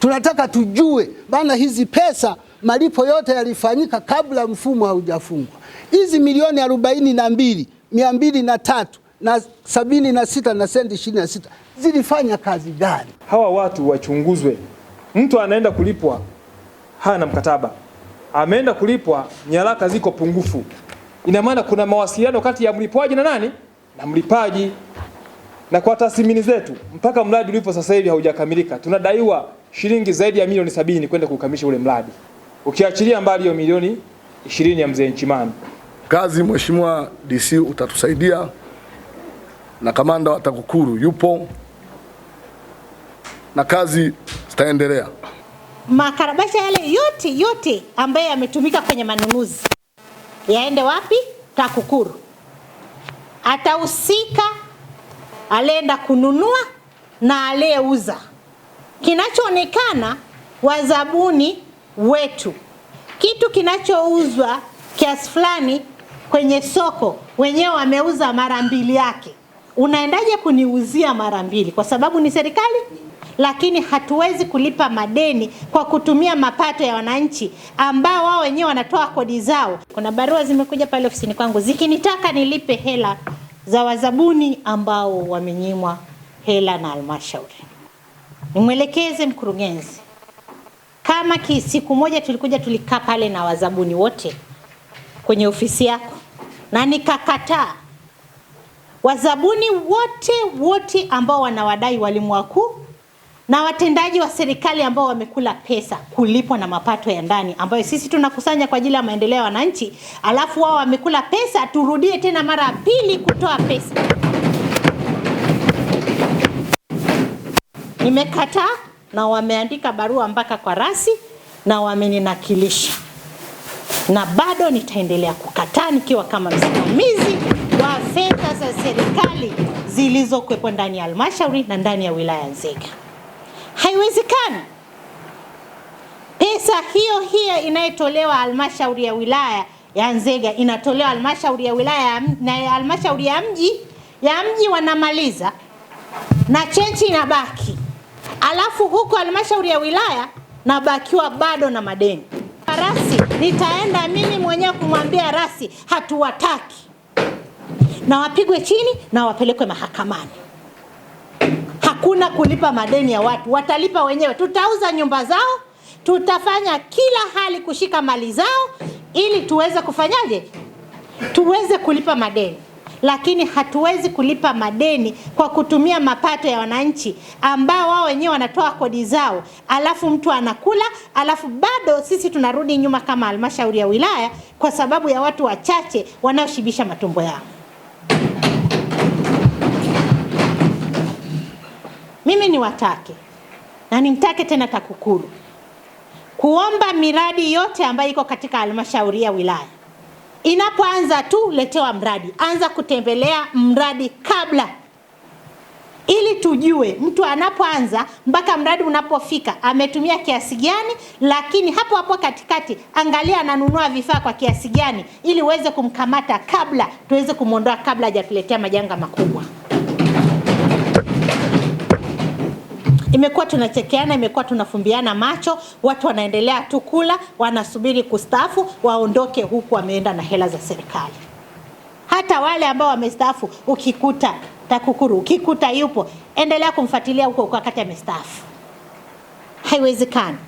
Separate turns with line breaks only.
Tunataka tujue bana, hizi pesa malipo yote yalifanyika kabla mfumo haujafungwa. Hizi milioni arobaini na mbili mia mbili na tatu na sabini na sita na senti ishirini na sita zilifanya kazi gani?
Hawa watu wachunguzwe. Mtu anaenda kulipwa hana mkataba, ameenda kulipwa, nyaraka ziko pungufu. Ina maana kuna mawasiliano kati ya mlipwaji na nani na mlipaji, na kwa tathmini zetu mpaka mradi ulipo sasa hivi haujakamilika, tunadaiwa shilingi zaidi ya milioni sabini kwenda kukamilisha ule mradi, ukiachilia mbali hiyo milioni ishirini ya mzee Nchimani.
Kazi Mheshimiwa DC utatusaidia, na kamanda wa TAKUKURU yupo na kazi zitaendelea.
Makarabasha yale yote yote ambayo yametumika kwenye manunuzi yaende wapi? TAKUKURU atahusika, alienda kununua na aliyeuza kinachoonekana wazabuni wetu, kitu kinachouzwa kiasi fulani kwenye soko, wenyewe wameuza mara mbili yake, unaendaje kuniuzia mara mbili? Kwa sababu ni serikali lakini hatuwezi kulipa madeni kwa kutumia mapato ya wananchi ambao wao wenyewe wanatoa kodi zao. Kuna barua zimekuja pale ofisini kwangu zikinitaka nilipe hela za wazabuni ambao wamenyimwa hela na halmashauri. Nimwelekeze mkurugenzi, kama siku moja tulikuja tulikaa pale na wazabuni wote kwenye ofisi yako na nikakataa wazabuni wote wote ambao wanawadai walimu wakuu na watendaji wa serikali ambao wamekula pesa kulipwa na mapato ya ndani ambayo sisi tunakusanya kwa ajili ya maendeleo ya wananchi, alafu wao wamekula pesa, turudie tena mara ya pili kutoa pesa. Nimekataa na wameandika barua mpaka kwa rasi na wameninakilisha, na bado nitaendelea kukataa nikiwa kama msimamizi wa fedha za serikali zilizokuwepo ndani ya halmashauri na ndani ya wilaya Nzega. Haiwezekani pesa hiyo hiyo inayotolewa halmashauri ya wilaya ya Nzega inatolewa halmashauri ya wilaya na halmashauri ya mji ya mji wanamaliza na chechi inabaki alafu huko halmashauri ya wilaya nabakiwa bado na madeni. Rasi nitaenda mimi mwenyewe kumwambia rasi hatuwataki, na wapigwe chini na wapelekwe mahakamani. Hakuna kulipa madeni ya watu, watalipa wenyewe. Tutauza nyumba zao, tutafanya kila hali kushika mali zao, ili tuweze kufanyaje, tuweze kulipa madeni lakini hatuwezi kulipa madeni kwa kutumia mapato ya wananchi ambao wao wenyewe wanatoa kodi zao, alafu mtu anakula, alafu bado sisi tunarudi nyuma kama halmashauri ya wilaya kwa sababu ya watu wachache wanaoshibisha matumbo yao. Mimi ni watake na nimtake tena TAKUKURU kuomba miradi yote ambayo iko katika halmashauri ya wilaya Inapoanza tu letewa mradi, anza kutembelea mradi kabla, ili tujue mtu anapoanza mpaka mradi unapofika ametumia kiasi gani. Lakini hapo hapo katikati, angalia ananunua vifaa kwa kiasi gani, ili uweze kumkamata kabla, tuweze kumwondoa kabla hajatuletea majanga makubwa. Imekuwa tunachekeana, imekuwa tunafumbiana macho, watu wanaendelea tu kula, wanasubiri kustaafu waondoke, huku wameenda na hela za serikali. Hata wale ambao wamestaafu, ukikuta TAKUKURU, ukikuta yupo, endelea kumfuatilia huko wakati amestaafu. Haiwezekani.